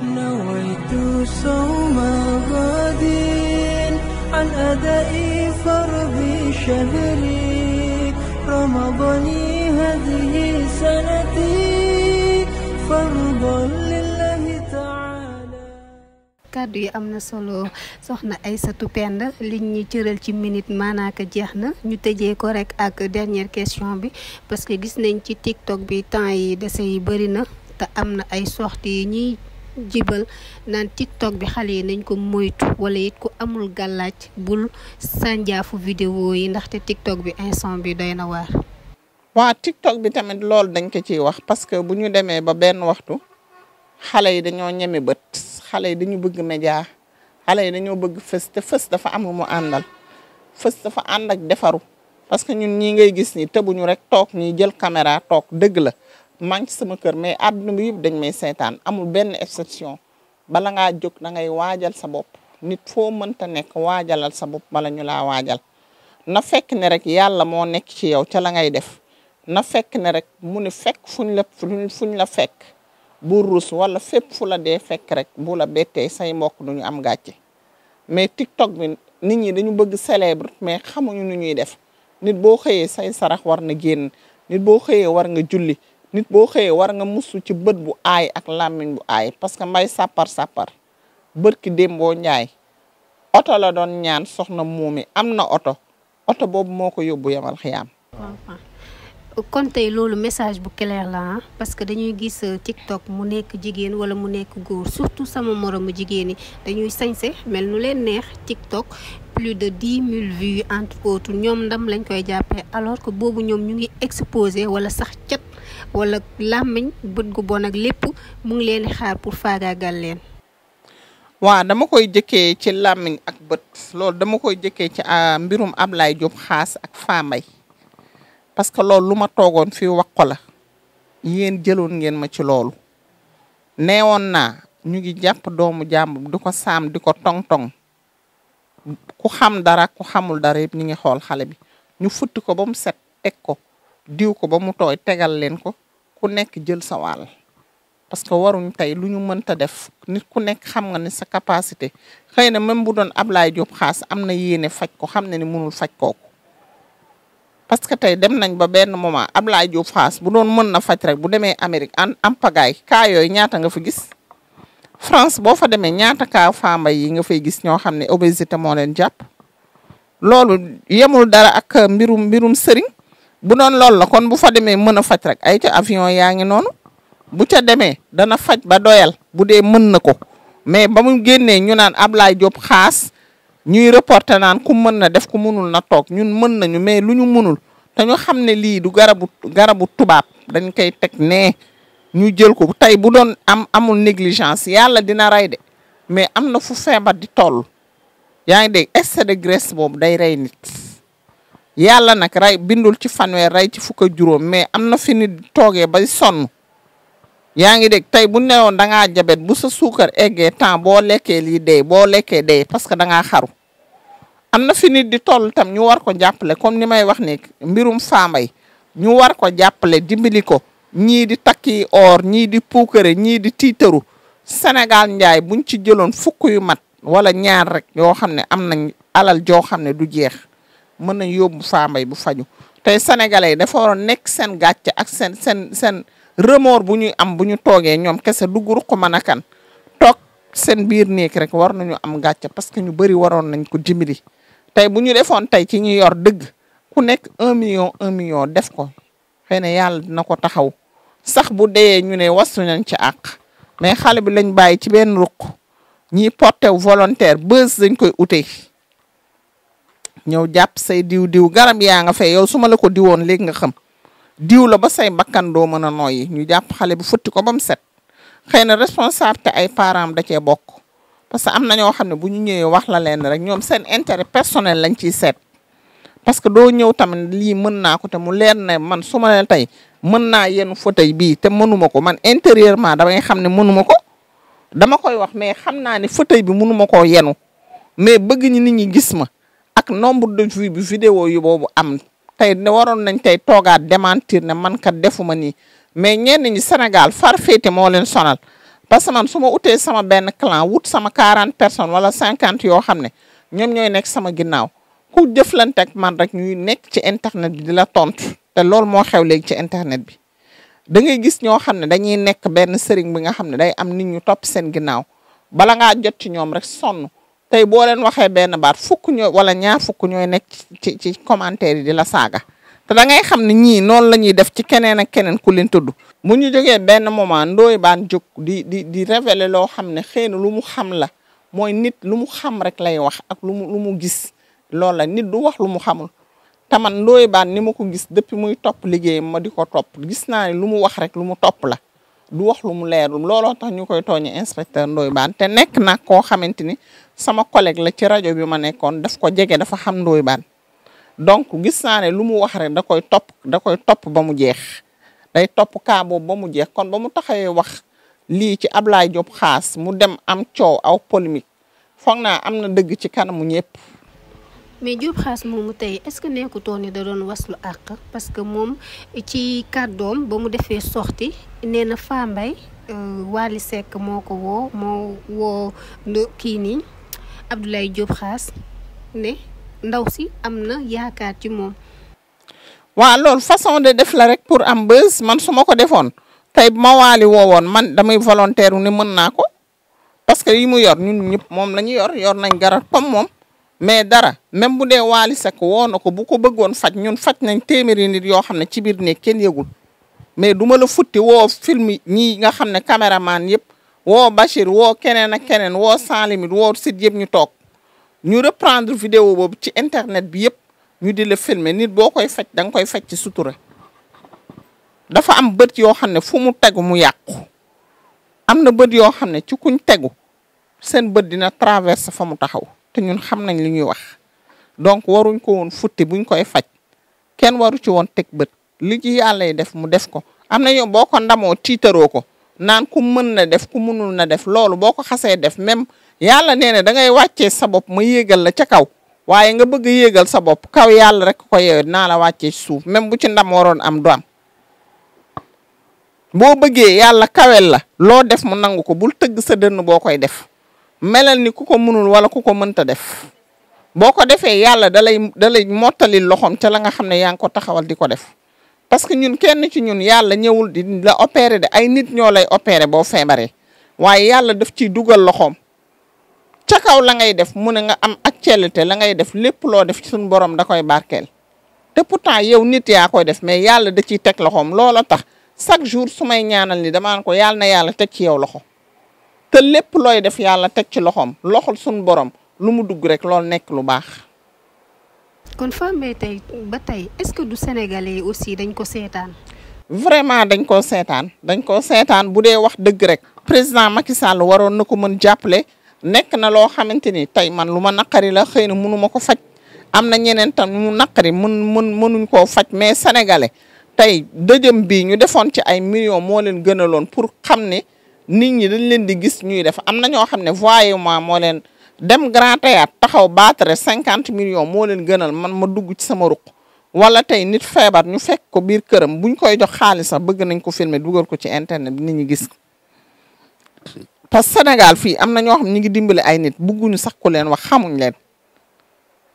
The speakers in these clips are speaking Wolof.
نويت صوم غد عن أداء فرض شهري رمضاني هذه سنتي فرضا لله تعالى kàddu yi am na solo soxna Aysatu Pend liñ ñi cëral ci minute maanaaka jeex na ñu tëjee ko rek ak dernière question bi parce que gis nañ ci TikTok bi temps yi dese yi bëri te am na ay sorties yi ñiy jibal naan tiktok bi xale yi nañ ko moytu wala it ku amul gàllaaj bul sànjaafu vidéo yi ndaxte tiktok bi instant bi doy na waar. waa tiktok bi tamit loolu dañ ko ciy wax parce que bu ñu demee ba benn waxtu xale yi dañoo ñeme bët xale yi dañu bëgg média xale yi dañoo bëgg fës te fës dafa am mu àndal fës dafa ànd ak defaru parce que ñun ñii ngay gis ni tëbuñu rek toog ñuy jël caméra toog dëgg la. maa ngi sama kër mais àdduna bi yëpp dañ may seetaan amul benn exception bala ngaa jóg na ngay waajal sa bopp nit foo mënta nekk waajalal sa bopp bala ñu laa waajal na fekk ne rek yàlla moo nekk ci yow ca la ngay def na fekk ne rek mu ne fekk fuñ la fuñ la fekk bu rus wala fépp fu la dee fekk rek bu la bettee say mbokk duñu am gàcce mais TikTok bi nit ñi dañu bëgg célèbre mais xamuñu nu ñuy def nit boo xëyee say sarax war na génn nit boo xëyee war nga julli nit boo xëyee war nga musu ci bët bu aay ak làmmiñ bu aay parce que mbay sàppar sàppar bët ki boo njaay oto la doon ñaan soxna muumi am na oto oto boobu moo ko yóbbu yamal xiyaam kon tey loolu message bu clair la ah, parce que dañuy gis euh, TikTok mu nekk jigéen wala mu nekk góor surtout sama moromu jigéen ñi dañuy sañse mel nu leen neex TikTok plus de dix mille vues entre autres ñoom ndam lañ koy jàppee alors que boobu ñoom ñu ngi exposé wala sax cat wala làmmiñ bët gu bon ak lépp mu ngi leen di xaar pour faagaagal leen. waaw dama koy jëkkee ci làmmiñ ak bët loolu dama koy jëkkee ci ah, mbirum Ablaye Diop xaas ak Famay parce que loolu lu ma toogoon fii wax la yéen jëloon ngeen ma ci loolu neewoon naa ñu ngi jàpp doomu jàmbur di ko sam di ko tong-tong ku xam dara ku xamul dara yëpp ñu ngi xool xale bi ñu futti ko ba mu set teg ko. diw ko ba mu tooy tegal leen ko ku nekk jël sa parce que waruñ tey lu ñu mënta def nit ku nekk xam nga ne sa capacité xëy na même bu doon Ablaye Diop xaas am na yéene faj ko xam ne ni mënul faj kooku parce que tey dem nañ ba benn moment Ablaye Diop xaas bu doon mën na faj rek bu demee Amérique an am pagaay ka yooyu ñaata nga fa gis France boo fa demee ñaata ka faambay yi nga fay gis ñoo xam ne obésité moo leen jàpp loolu yemul dara ak mbirum mbirum sëriñ bu doon loolu la kon bu fa demee mën a faj rek ay ca avion yaa ngi noonu bu ca demee dana faj ba doyal bu dee mën na ko mais ba mu génnee ñu naan Ablaye Diop xaas ñuy reporter naan ku mën na def ku mënul na toog ñun mën nañu mais lu ñu mënul te ñu xam ne lii du garabu garabu tubaab dañ koy teg nee ñu jël ko tey bu doon am amul négligence yàlla dina rey de mais am na fu feebar di toll yaa ngi dégg excès de graisse boobu day rey nit. yàlla nag ray bindul ci fanweer rey ci fukk juróom mais am na fi toogee ba sonn yaa ngi dégg tey bu newoon da ngaa jabet bu sa suukar eggee temps boo lekkee lii dee boo lekkee dee parce que da ngaa xaru am na fi nit di toll tam ñu war ko jàppale comme ni may wax ne mbirum faambay ñu war ko jàppale dimbali ko ñii di takki or ñii di puukare ñii di tiitaru Sénégal njaay buñ ci jëloon fukk yu mat wala ñaar rek yoo xam ne am na alal joo xam ne du jeex mën nañ yóbbu faambay bu faju tey sénégalais yi dafa waroon nekk seen gàcce ak seen seen seen remords bu ñu am bu ñu toogee ñoom kese dugg ruq mën a kan toog seen biir néeg rek war nañu am gàcce parce que ñu bëri waroon nañ ko dimbali tey bu ñu defoon tey ci ñu yor dëgg ku nekk un million un million def ko xëy na yàlla dina ko taxaw sax bu deyee ñu ne wasu nañ ci àq mais xale bi lañ bàyyi ci benn ruq ñi porté volontaire bës dañ koy utee ñëw jàpp say diw diw garab yaa nga fay yow su ma la ko diwoon léegi nga xam diw la ba say bakkan doo mën a noyyi ñu jàpp xale bi futti ko ba mu set xëy na responsabilité ay parents da cee bokk parce que am na ñoo xam ne bu ñu ñëwee wax la leen rek ñoom seen intérêt personnel lañ ciy seet parce que doo ñëw tamit lii mën naa ko te mu leen ne man su ma la tey mën naa yenn fauteuil bii te mënuma ko man intérieurement dama xam ne mënuma ko dama koy wax mais xam naa ne fauteuil bi mënuma koo yenu mais bëgg ñi nit gis ma nombre de vues bi vidéo yu boobu am tey ne waroon nañ tey toogaat démentir ne man defu ma nii mais ñenn ñi Sénégal far féete moo leen sonal parce que man su ma utee sama benn clan wut sama 40 personne wala 50 yoo xam ne ñoom ñooy nekk sama ginnaaw ku jëflanteeg man rek ñuy nekk ci internet bi di la tontu te loolu moo xew léegi ci internet bi da ngay gis ñoo xam ne dañuy nekk benn sëriñ bi nga xam ne day am nit ñu topp seen ginnaaw bala ngaa jot ci ñoom rek sonn. tey boo leen waxee benn baat fukk ñooy wala ñaar fukk ñooy nekk ci ci commentaire yi di la saaga te da ngay xam ne ñii noonu la ñuy def ci keneen ak keneen ku leen tudd. bu ñu jógee benn moment Ndoye baan jóg di di di révéler loo xam ne xëy na lu mu xam la mooy nit lu mu xam rek lay wax ak lu mu mu gis loolu la nit du wax lu mu xamul. te man Ndoye ni ma ko gis depuis muy topp liggéeyam ma di ko topp gis naa ne lu mu wax rek lu mu topp la. du wax lu mu leerul looloo tax ñu koy tooñe inspecteur Ndoye baan te nekk na koo xamante ni sama collège la ci rajo bi ma nekkoon daf ko jege dafa xam Ndoye baan donc gis naa ne lu mu wax rek da koy topp da koy topp ba mu jeex day topp kaa boobu ba mu jeex kon ba mu taxawee wax lii ci Ablaye Diop xaas mu dem am coow aw polémique foog naa am na dëgg ci kanamu ñëpp. mais Diop Khass moomu tey est-ce que nekkutoon ni da doon waslu àq parce que moom ci kàddoom ba mu defee sorti nee na Fambaye euh, Wally Seck moo ko woo moo woo kii nii Abdoulaye Diop Khass ne ndaw si am na yaakaar ci moom. waaw loolu façon de def la rek pour am bës man su ma ko defoon tey bu ma waali woowoon man damay volontaire ne mën naa ko parce que yi mu yor ñun ñëpp moom la ñu yor yor nañ garab comme moom. mais dara même bu dee Waly woo na ko bu ko bëggoon faj ñun faj nañ téeméeri nit yoo xam ne ci biir ne kenn yëgul mais duma la futti woo film ñi nga xam ne caméraman yëpp woo Bachir woo keneen ak keneen woo Sans Limites woo sit yëpp ñu toog ñu reprendre vidéo boobu ci internet bi yëpp ñu di la filmer nit boo koy faj da koy faj ci sutura dafa am bët yoo xam ne fu mu tegu mu yàqu am na bët yoo xam ne ci kuñ tegu seen bët dina traverse fa mu taxaw te ñun xam nañ li ñuy wax donc waruñ ko woon futti buñ koy faj kenn waru ci woon teg bët li ci yàlla def mu def ko am na yow boo ko ndamoo tiitaroo ko naan kum mën na def ku mënul na def loolu boo ko xasee def même yàlla nee na da ngay wàccee sa bopp ma yéegal la ca kaw waaye nga bëgg yéegal sa bopp kaw yàlla rek ko yeewee naa la wàccee suuf même bu ci ndamo waroon am doom boo bëggee yàlla kawel la loo def mu nangu ko bul tëgg sa dënn boo koy def melal ni ku ko mënul wala ku ko a def boo ko defee yàlla da lay da lay mottali loxoom ca la nga xam ne yaa ngi ko taxawal di ko def parce que ñun kenn ci ñun yàlla ñëwul di la opérer de ay nit ñoo lay opérer boo feebaree waaye yàlla def ciy dugal loxoom ca kaw la ngay def mu ne nga am actualité la ngay def lépp loo def ci suñu borom da koy barkeel te pourtant yow nit yaa koy def mais yàlla da ciy teg loxoom loola tax chaque jour sumay may ñaanal ni damaan ko yàlla na yàlla teg ci yow loxo te lépp looy def yàlla teg ci loxoom loxol suñu boroom lu mu dugg rek loolu nekk lu baax. kon femme bi tey ba tey est-ce que du sénégalais yi aussi dañ ko seetaan. vraiment dañ koo seetaan dañ ko seetaan bu dee wax dëgg rek. président Macky Sall waroon na ko mën jàppale nekk na loo xamante ni tey man lu ma nakkari la xëy na mënu ko faj am na ñeneen ta mu naqari mën mën mënuñ koo faj mais sénégalais tey dëjëm bii ñu defoon ci ay millions moo leen gënaloon pour xam ne. nit ñi dañ leen di gis ñuy def am na ñoo xam ne voyement moo leen dem grand théâtre taxaw baatare cinquante million moo leen gënal man ma dugg ci sama ruq wala tey nit feebar ñu fekk ko biir këram buñ koy jox xaalis sax bëgg nañ ko filmer dugal ko ci internet bi nit ñi gis parce que Sénégal fii am na ñoo xam ñu ngi dimbali ay nit bugguñu sax ku leen wax xamuñ leen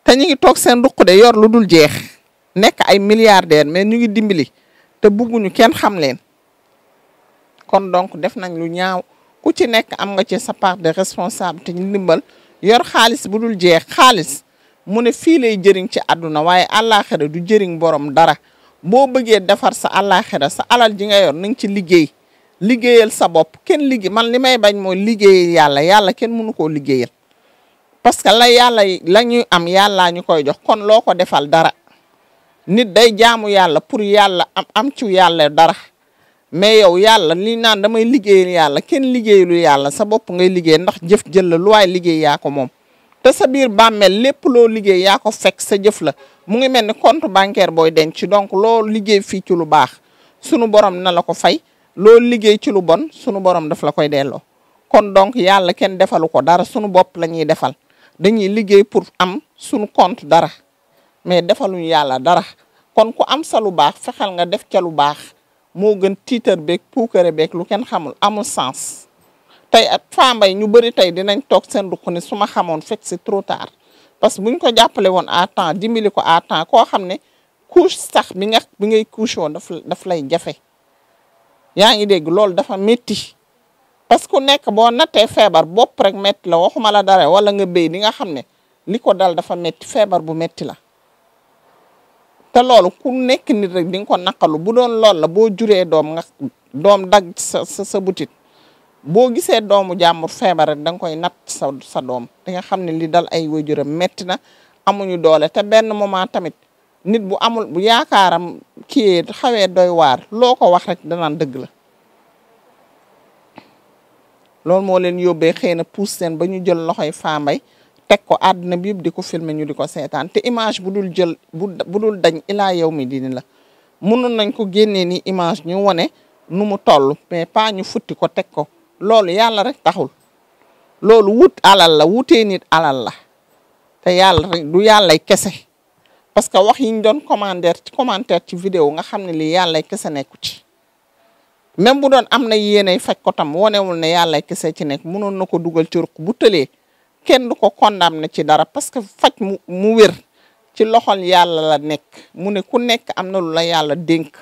te ñu ngi toog seen ruq de yor lu dul jeex nekk ay milliardaire mais ñu ngi dimbali te bugguñu kenn xam leen kon donc def nañ lu ñaaw ku ci nekk am ga ci sa part de responsabilité ñu ndimbal yor xaalis bu dul jeex xaalis mu ne fii lay jëriñ ci àdduna waaye àllaaxira du jëriñ borom dara boo bëggee defar sa àllaaxira sa alal ji nga yor na ci liggéey liggéeyal sa bopp kenn liggéey man li may bañ mooy liggéeyal yàlla yàlla kenn mënu koo liggéeyal parce que la yàlla la ñuy am yàllaa ñu koy jox kon loo ko defal dara nit day jaamu yàlla pour yàlla am am ci yàlla dara mais yow yàlla li naan damay liggéeyal yàlla kenn liggéeyalul yàlla sa bopp ngay liggéey ndax jëf jël la lu waay liggéey yaa ko moom te sa biir bàmmeel lépp loo liggéey yaa ko fekk sa jëf la mu ngi mel ni compte bancaire booy denc donc loo liggéey fii ci lu baax sunu borom na la ko fay loo liggéey ci lu bon sunu borom daf la koy delloo kon donc yàlla kenn defalu ko dara sunu bopp la ñuy defal dañuy liggéey pour am sunu compte dara mais defaluñu yàlla dara kon ku am sa lu baax fexeel nga def ca lu baax moo gën tiitar beeg puukare beeg lu kenn xamul amul sens tey at Fambaye ñu bëri tey dinañ toog seen ruq ne su ma xamoon fekk si trop tard parce que buñ ko jàppale woon à temps dimbali ko à temps koo xam ne couche sax bi nga bi ngay couche woon daf lay jafe yaa ngi dégg loolu dafa métti parce que nekk boo nattee feebar bopp rek métti la waxuma la dara wala nga béy li nga xam ne li ko dal dafa métti feebar bu métti la te loolu ku nekk nit rek di nga ko naqalu bu doon loolu la boo juree doom nga doom dagg sa sa sa butit boo gisee doomu jàmbur feebar rek da koy nat sa sa doom di nga xam ne li dal ay waajuram metti na amuñu doole te benn moment tamit nit bu amul bu yaakaaram kii xawee doy waar loo ko wax rek danaan dëgg la loolu moo leen yóbbee xëy na puus seen ba ñu jël loxoy faambay teg ko àdduna bi yëpp di ko filmer ñu di ko seetaan te image bu dul jël bu dul dañ ilaa yow mi dini la mënoon nañ ko génnee ni image ñu wane nu mu toll mais pas ñu futti ko teg ko loolu yàlla rek taxul loolu wut alal la wutee nit alal la te yàlla rek du yàllay kese parce que wax yi doon commentaire ci commentaire ci vidéo nga xam ne lii yàllay kese nekku ci même bu doon am na yéenay faj ko tam wanewul ne yàllay kese ci nekk mënoon na ko dugal ci ruq bu tëlee kenn du ko na ci dara parce que faj mu wér ci loxol yàlla la nekk mu ne ku nekk am na lu la yàlla dénk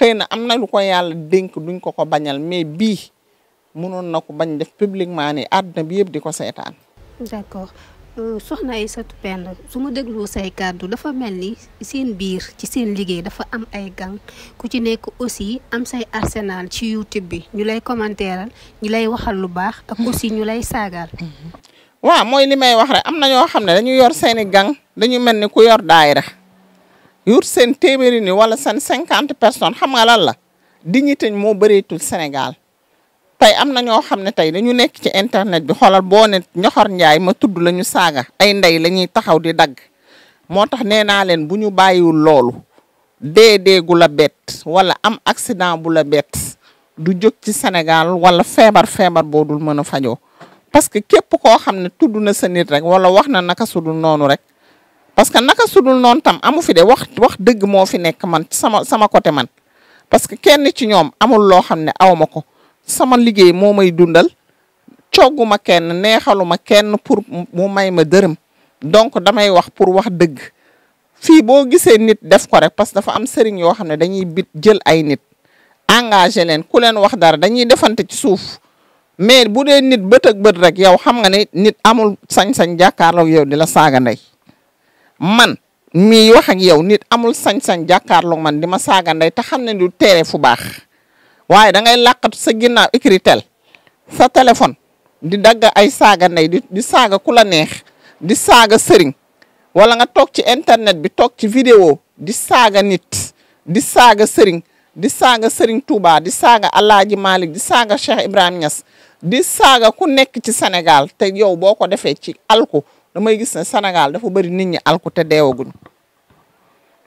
xëy na am na lu ko yàlla dénk duñ ko ko bañal mais bii mënoon na ko bañ def publiquement ni àdduna bi yëpp di ko seetaan. d'accord euh, soxna Aïssatou Penda su ma dégloo say kàddu dafa mel ni seen biir ci seen liggéey dafa am ay gang ku ci nekk aussi am say arsenal ci YouTube bi ñu lay commentéeral ñu lay waxal lu baax. ak aussi ñu lay saagaal. Mm-hmm. waaw mooy li may wax rek am na ñoo xam ne dañu yor seen i gang dañu mel ni ku yor daayira yor seen téeméeri ni wala seen cinquante personnes xam nga lan la dignité moo bëreetul Sénégal tey am na ñoo xam ne tey dañu nekk ci internet bi xoolal boo ne ñoxor njaay ma tudd la ñu saaga ay ndey la taxaw di dagg moo tax nee naa leen bu ñu bàyyiwul loolu dee dee gu la bett wala am accident bu la bett du jóg ci Sénégal wala feebar feebar boo dul mën a fajoo parce que képp koo xam ne tudd na sa nit rek wala wax na naka sudul noonu rek parce que naka sudul noonu tam amu fi de wax wax dëgg moo fi nekk man sama sama côté man parce que kenn ci ñoom amul loo xam ne aw ma ko sama liggéey moo may dundal cogguma kenn neexaluma kenn pour mu may ma dërëm donc damay wax pour wax dëgg fii boo gisee nit def ko rek parce que dafa am sëriñ yoo xam ne dañuy bit jël ay nit engager leen ku leen wax dara dañuy defante ci suuf mais bu dee nit bët ak bët rek yow xam nga ne nit amul sañ-sañ jàkkaarloog yow di la saaga ndey man mii wax ak yow nit amul sañ-sañ jàkkaarloog man di ma saaga ndey te xam ne du teere fu baax waaye da ngay làqatu sa ginnaaw écritel sa téléphone di dagg ay saaga ndey di di saaga ku la neex di saaga sëriñ wala nga toog ci internet bi toog ci vidéo di saaga nit di saaga sëriñ di saaga Serigne Touba di saaga Alaaji Malick di saaga Cheikh Ibrahim Niass di saaga ku nekk ci Sénégal te yow boo ko defee ci alku damay gis ne Sénégal dafa bëri nit ñi alku te deewaguñ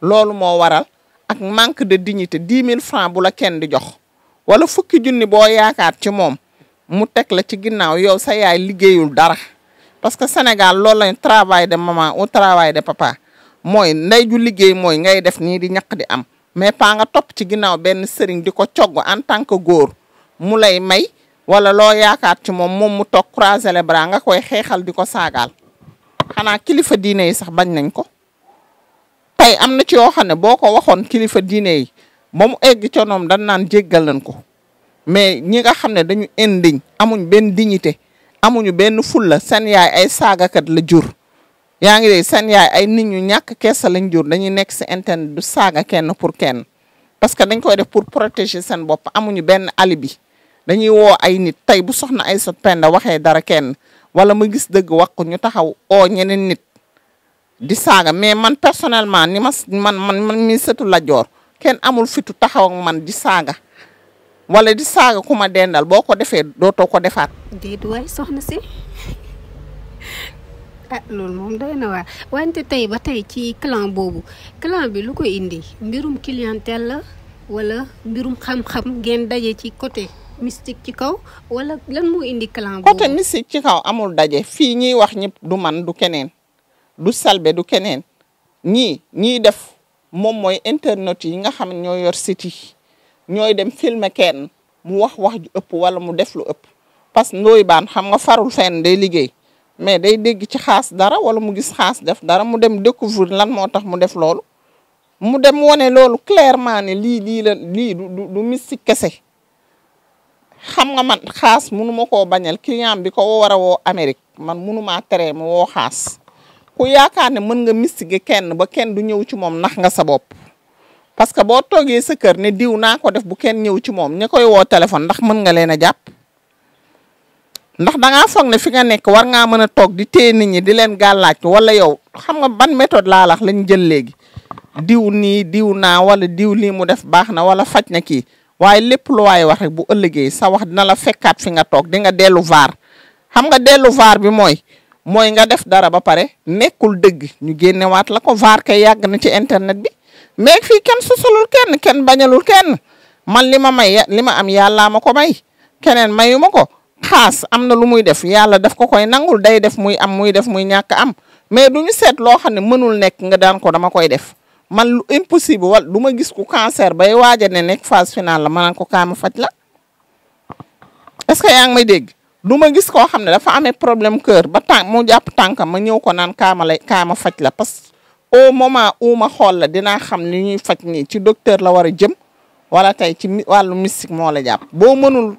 loolu moo waral ak manque de dignité dix mille francs bula la kenn di jox wala fukki junni boo yaakaar ci moom mu teg la ci ginnaaw yow sa yaay liggéeyul dara parce que Sénégal loolu lañ travail de maman au travail de papa mooy ndey ju liggéey mooy ngay def nii di ñaq di am mais pas nga topp ci ginnaaw benn sëriñ di ko cogg en tant que góor mu lay may wala loo yaakaar ci moom moom mu toog croiser les bras koy xeexal di ko saagaal xanaa kilifa diine yi sax bañ nañ ko tey am na ci yoo xam ne boo ko waxoon kilifa diine yi ba mu egg ca noom dañ naan jéggal nañ ko mais ñi nga xam ne dañu indiñ amuñ benn dignité amuñu benn fula seen yaay ay saagakat la jur yaa ngi dégg seen yaay ay nit ñu ñàkk keesa lañ jur dañuy nekk si internet du saaga kenn pour kenn parce que dañ koy def pour protéger seen bopp amuñu benn alibi dañuy woo ay nit tey bu soxna ay sa penda waxee dara kenn wala ma gis dëgg wax ko ñu taxaw o ñeneen nit di saaga mais man personnellement ni ma man man man mi sëtu la joor kenn amul fitu taxaw man di saaga wala di saaga ku ma dendal boo ko defee dootoo ko defaat. ah loolu moom doy na waa wante tey ba tey ci clan boobu clan bi lu ko indi mbirum clientèle la wala mbirum xam-xam ngeen daje ci côté mystique ci kaw wala lan moo indi clan boobu. côté mystique ci kaw amul daje fii ñuy wax ñëpp du man du keneen du salbe du keneen ñi ñiy def moom mooy internet yi nga xam ne ñoo yor site ñooy dem filmer kenn mu wax wax ju ëpp wala mu def lu ëpp parce que ndooy baan xam nga farul fenn day liggéey. mais day dégg ci xaas dara wala mu gis xaas def dara mu dem découvrir lan moo tax mu def loolu mu dem wane loolu clairement ne lii lii la lii du du mystique kese xam nga man xaas munu ko koo bañal client bi ko war a woo Amérique man munu maa teree ma woo xaas ku yaakaar ne mën nga mystique kenn ba kenn du ñëw ci moom nax nga sa bopp. parce que boo toogee sa kër ne diw naa ko def bu kenn ñëw ci moom ña koy woo téléphone ndax mën nga leen a jàpp. ndax da ngaa ne fi nga nekk war ngaa mën a toog di téye nit ñi di leen gàllaaj wala yow xam nga ban méthode laa lax lañ jël léegi diw nii diw naa wala diw lii mu def baax na wala faj na kii waaye lépp lu waay wax bu ëllëgee sa wax dina la fekkaat fi nga toog dinga nga dellu vaar xam nga dellu var bi mooy mooy nga def dara ba pare nekkul dëgg ñu génnewaat la ko vaar kay yàgg na ci internet bi mais fii kenn susalul kenn kenn bañalul kenn man li ma may li ma am yàllaa ma ko may keneen mayu ko xaas am na lu muy def yàlla def ko koy nangul day def muy am muy def muy ñàkk am mais du ñu seet loo xam ne mënul nekk nga daan ko dama koy def man impossible wala du ma gis ku ba bay waaja ne nekk phase finale la ma naan ko kaama faj la est-ce que yaa ngi may dégg du ma gis koo xam ne dafa amee problème cœur ba tànk mu jàpp tànkam ma ñëw ko naan kaama lay faj la parce que au moment où ma xool la dinaa xam ni ñuy faj nii ci docteur la war a jëm wala tey ci wàllu mystique moo la jàpp boo mënul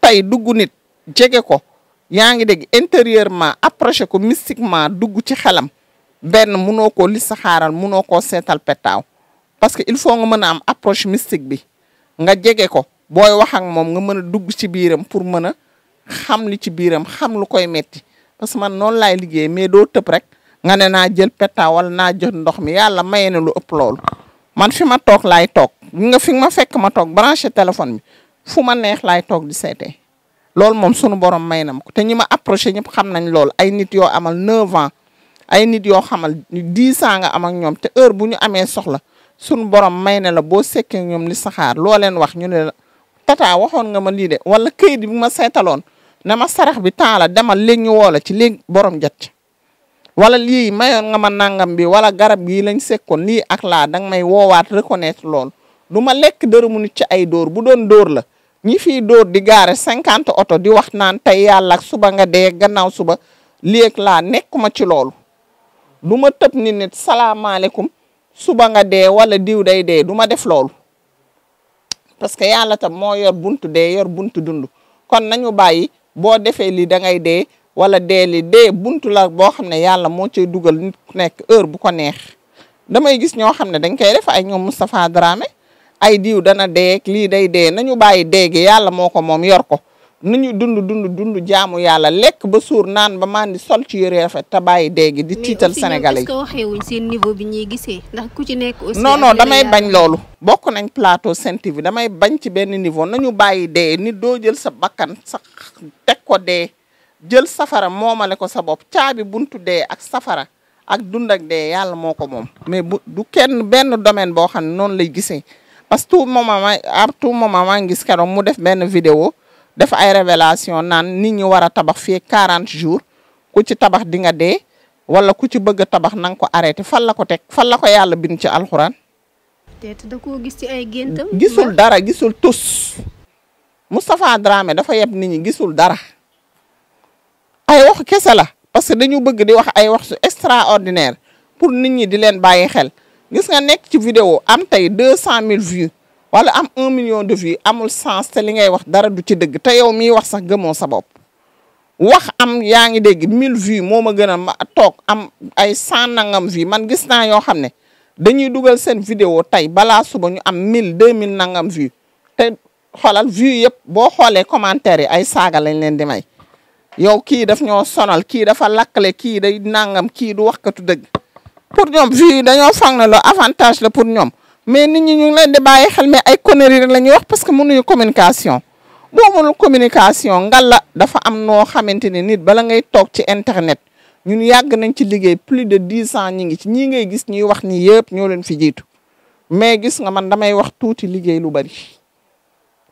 tey dugg nit jege ko yaa ngi dégg intérieurement approché ko mystiquement dugg ci xelam benn munoo ko li saxaaral munoo ko seetal pettaaw parce que il faut nga mën a am approche mystique bi nga jege ko booy wax ak moom nga mën a dugg ci biiram pour mën a xam li ci biiram xam lu koy metti parce que man noonu laay liggéey mais doo tëb rek nga ne naa jël pettaaw wala naa jot ndox mi yàlla maye na lu ëpp loolu man fi ma toog laay toog nga fi ma fekk ma toog branché téléphone bi fu ma neex laay toog di seetee loolu moom sunu borom may na ma ko te ñi ma approché ñëpp xam nañ loolu ay nit yoo amal 9 ans ay nit yoo xamal 10 ans nga am ak ñoom te heure bu ñu amee soxla sunu borom may na la boo sekkee ñoom li saxaar loo leen wax ñu ne la tata waxoon nga ma lii de wala këyit bi ma saytaloon na ma sarax bi temps la demal léegi ñu woo la ci léegi borom jot ci. wala lii mayoon nga ma nangam bi wala garab gii lañ sekkoon lii ak laa danga may woowaat reconnaître lool du ma lekk dërëmu nit ci ay dóor bu doon dóor la. ñi fii dóor di gaare cinquante oto di wax naan tey yàlla ak suba nga dee gannaaw suba léeg laa nekkuma ci loolu du ma tëb ni nit salaamaaleykum suba nga dee wala diw day dee du ma def loolu parce que yàlla tam moo yor bunt dee yor bunt dund kon nañu bàyyi boo defee lii da ngay dee wala dee li dee buntu la boo xam ne yàlla moo cay dugal nit ku nekk heure bu ko neex damay gis ñoo xam ne dañ koy def ay ñoom Moustapha Dramé ay diw dana dee lii day dee nañu bàyyi dee gi yàlla moo ko moom yor ko nañu dund dund dund jaamu yàlla lekk ba suur naan ba mandi sol ci yore rafet te bàyyi dee gi di tiital sénégalais yi mais aussi bi ñuy gisee ndax ku ci nekk aussi damay bañ loolu bokk nañ plateau Sen TV damay bañ ci benn niveau nañu bàyyi dee ni doo jël sa bakkan sax teg ko dee jël safara moomale ko sa bopp caabi buntu dee ak safara ak dund ak dee yàlla moo ko moom mais bu du kenn benn domaine boo xam ne noonu lay gisee parce que tout moment ma à moment maa ngi gis keroog mu def benn vidéo def ay révélation naan nit ñi war a tabax fii 40 jours ku ci tabax di nga dee wala ku ci bëgg tabax na ko arrêté fan la ko teg fan la ko yàlla bind ci alxuraan. te da koo gis ci ay géntam. gisul dara gisul tus Moustapha Dramé dafa yeb nit ñi gisul dara ay wax kese la parce que dañu bëgg di wax ay wax su extraordinaire pour nit ñi di leen bàyyi xel. gis nga nekk ci vidéo am tey deux cent mille vues wala am un million de vues amul sens te li ngay wax dara du ci dëgg te yow miy wax sax gëmoo sa bopp wax am yaa ngi dégg mille vues moo ma gën a ma toog am ay cent nangam vues man gis naa yoo xam ne dañuy dugal sen vidéo tey balaa suba ñu am mille deux mille nangam vues te xoolal vues yëpp boo xoolee commentaire yi ay saaga lañ leen di may yow kii daf ñoo sonal kii dafa lakkale kii day nangam kii du waxkatu dëgg pour ñoom vues yi dañoo fang ne la avantage la pour ñoom mais nit ñi ñu ngi leen di bàyyi xel mais ay connerir rek la ñuy wax parce que mënuñu communication boo mënul communication ngalla dafa am noo xamante ne nit bala ngay toog ci internet ñun yàgg nañ ci liggéey plus de dix ans ñi ngi ci ñii ngay gis ñuy wax ni yëpp ñoo leen fi jiitu mais gis nga man damay wax tuuti liggéey lu bari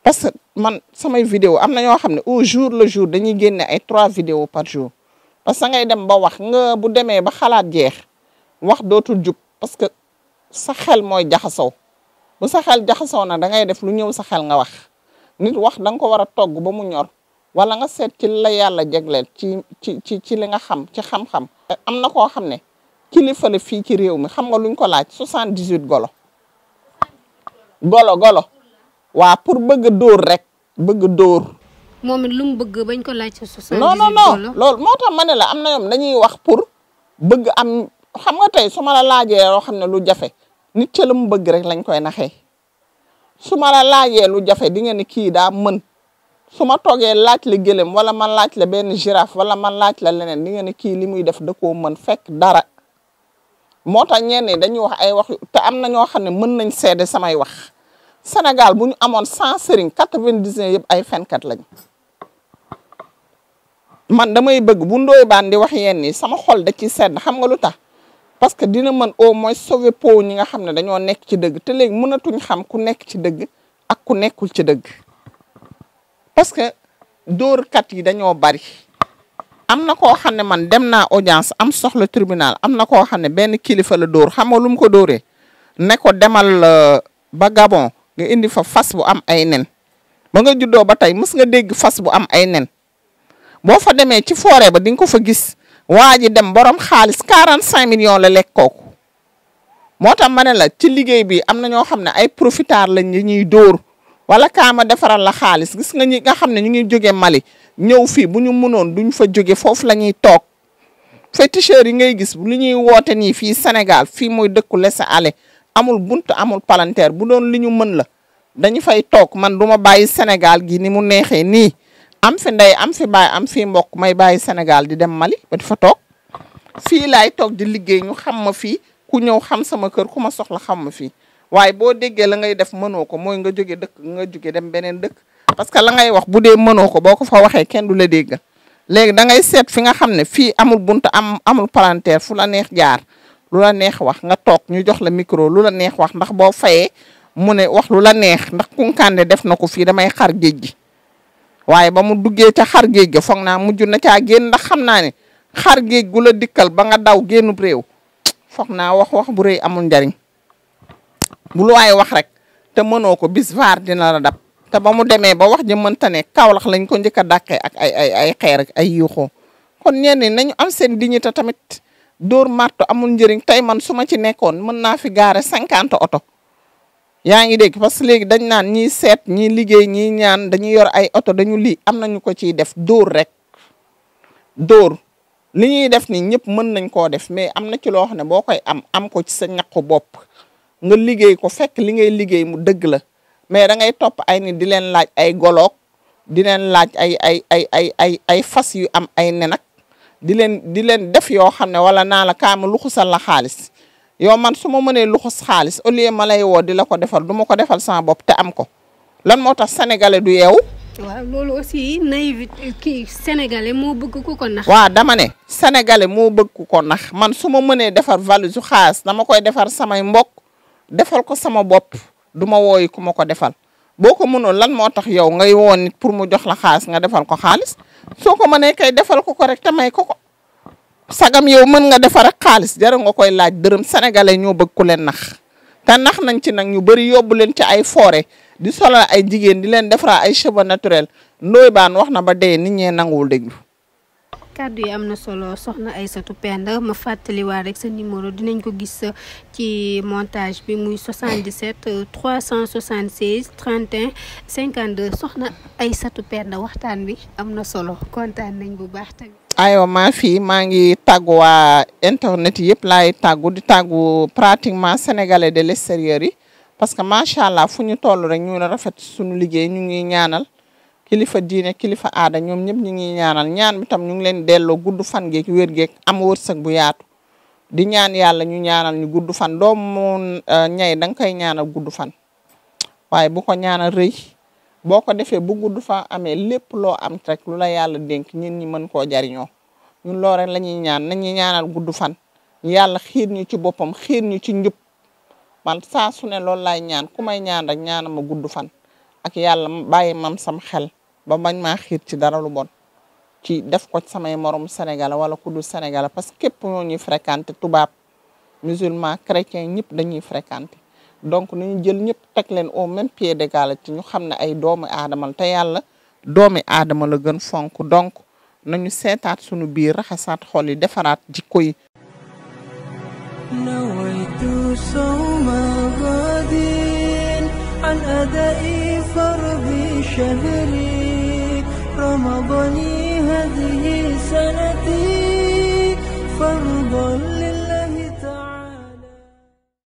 parce que man samay vidéo am na ñoo xam ne au jour le jour dañuy génne ay trois vidéos par jour parce que ngay dem ba wax nga bu demee ba xalaat jeex wax dootul jub parce que sa xel mooy jaxasoo bu sa xel jaxasoo na da ngay def lu ñëw sa xel nga wax nit wax danga ko war a togg ba mu ñor wala nga seet ci la yàlla jegleel ci ci ci ci li nga xam ci xam-xam. am na koo xam ne kilifa la fii ci réew mi xam nga luñ ko laaj soixante-dix-huit golo. golo golo waa pour bëgg dóor rek bëgg dóor. moom it lu mu bëgg bañ ko laaj. soixante-dix-huit golo non non non loolu moo tax ma la na ñoom wax pour bëgg am xam nga tey su ma la laajee loo xam ne lu jafe nit ca la mu bëgg rek lañ koy naxee su ma la laajee lu jafe di nga kii daa mën su ma toogee laaj la gëlëm wala man laaj le benn girafe wala man laaj la leneen di nga ne kii li muy def da koo mën fekk dara moo tax ñenn dañuy wax ay wax te am na ñoo xam ne mën nañ seede samay wax senegal bu ñu amoon cent sëriñ quatre-vingt-dix-neuf yëpp ay fenkat lañ man damay bëgg bu ndooy baan di wax yenn yi sama xol da ciy sedd xam nga lu tax parce que dina mën au moins sauver po ñi nga xam ne dañoo nekk ci dëgg te léegi mënatuñ xam ku nekk ci dëgg ak ku nekkul ci dëgg parce que dóorkat yi dañoo bari am na koo xam ne man dem naa audience am soxla tribunal am na koo xam ne benn kilifa la dóor xam nga lu mu ko dóoree ne ko demal euh, ba Gabon nga indi fa fas bu am ay nen ba nga juddoo ba tey mës nga dégg fas bu am ay nen boo fa demee ci forêt ba di ko fa gis waa ji dem borom xaalis 45 millions la lekk kooku moo tax ma ne la ci liggéey bi am na ñoo xam ne ay profiteurs lañ ñu ñuy dóor wala kaama defaral la xaalis gis nga ñi nga xam ne ñu ngi jóge Mali ñëw fii bu ñu mënoon duñ fa jóge foofu la ñuy toog féticheurs yi ngay gis li ñuy woote nii fii Sénégal fii mooy dëkku sa aller amul bunt amul palanteer bu doon li ñu mën la dañu fay toog man du ma bàyyi senegal gi ni mu neexee nii. am si ndey am si baay am si mbokk may bàyyi Sénégal di dem Mali ba di fa toog fii laay toog di liggéey ñu xam ma fii ku ñëw xam sama kër ku ma soxla xam ma fi waaye boo déggee la ngay def mënoo ko mooy nga jóge dëkk nga jóge dem beneen dëkk parce que la ngay wax bu dee mënoo ko boo ko fa waxee kenn du la dégg léegi da ngay seet fi nga xam ne fii amul buntu am amul palanteer fu la neex jaar lu la neex wax nga toog ñu jox la micro lu la neex wax ndax boo fayee mu ne wax lu la neex ndax kunkande def na ko fii damay xar géej gi waaye ba mu duggee ca xar géej ga foog naa mujj na caa génn ndax xam naa ne xar géej gu la dikkal ba nga daw génnub réew foog naa wax wax bu rëy amul njariñ bu lu wax rek te mënoo ko bis vaar dina la dab te ba mu demee ba wax ji mënta ne kawlax lañ ko njëkk a dàqee ak ay ay ay xeer kon ñenn ñi nañu am seen dignité tamit dóor marto amul njëriñ tey man su ma ci nekkoon mën naa fi gaare cinquante oto yaa ngi dégg parce léegi dañ naan ñiy seet ñiy liggéey ñiy ñaan dañuy yor ay oto dañu lii am nañu ko ciy def dóor rek dóor li ñuy def ni ñëpp mën nañ ko def mais am na ci loo xam ne boo koy am am ko ci sa ñaqu bopp nga liggéey ko fekk li ngay liggéey mu dëgg la mais dangay topp ay nit di leen laaj ay goloog di leen laaj ay ay ay ay ay ay fas yu am ay nenak di leen di leen def yoo xam ne wala naa la kaama luxusal la xaalis yow man su ma mënee luxus xaalis au lieu ma lay woo di la ko defar du ma ko defal sama bopp te am ko lan moo tax sénégalais du yeewu. waaw loolu aussi naïveté kii sénégalais moo bëgg ku ko nax. waaw dama ne sénégalais moo bëgg ku ko nax man su ma mënee defar valise xaalis dama koy defar samay mbok defal ko sama bopp du ma wooyi ku ma ko defal boo ko mënoon lan moo tax yow nga woo nit pour mu jox la xaalis nga defal ko xaalis soo ko mënee kay defal ko ko rek te may ko ko. sagam yow mën nga defar xaalis jara nga koy laaj dërëm sénégalais ñoo bëgg ku leen nax te nax nañ ci nag ñu bëri yóbbu leen ci ay foore di solal ay jigéen di leen defara ay cheveux naturel ndooy baan wax na ba dee nit ñee nanguwul déglu kàddu yi am na solo soxna ay Aysatu Penda ma fàttaliwaat rek sa numéro dinañ ko gis ci montage bi muy euh, cent 77 376 31 52 soxna ay Aysatu Penda waxtaan bi am na solo kontaan nañ bu baax tamit. aywa maa fi maa ngi tàggu internet internet yëpp laay tàggu di tàggu pratiquement sénégalais de l'extérieur yi parce que macha allah fu ñu toll rek ñu la rafet suñu liggéey ñu ngi ñaanal. kilifa diine kilifa aada ñoom ñëpp ñu ngi ñaanal ñaan bitam tam ñu ngi leen delloo gudd fan geeg wér geeg am wërsëg bu yaatu di ñaan yàlla ñu ñaanal ñu gudd fan doo eh, ñay da nga koy gudd fan waaye bu ko ñaanal rëy boo ko defee bu gudd fan amee lépp loo am rek lu la yàlla dénk ñun ñi mën koo jariñoo ñun loo la ñuy ñaan nañuy ñaanal gudd fan yàlla xiir ñu ci boppam xiir ñu ci njub man saa su ne loolu laay ñaan ku may ñaan rek ñaana ma gudd fan ak yàlla bàyyi mam sam xel ba mañ maa xiir ci dara lu bon ci def ko samay morom Sénégal wala ku dul Sénégal parce que képp ñoo ñuy fréquenté tubaab musulman chrétien ñëpp dañuy fréquenté donc nañu jël ñëpp teg leen au même pied d'égalité ñu xam ne ay doomu aadama la te yàlla doomi aadama la gën fonk donc nañu seetaat sunu biir raxasaat xol yi defaraat jikko yi نويت صوم غد عن أداء فرض رمضني هذه سنتي فارض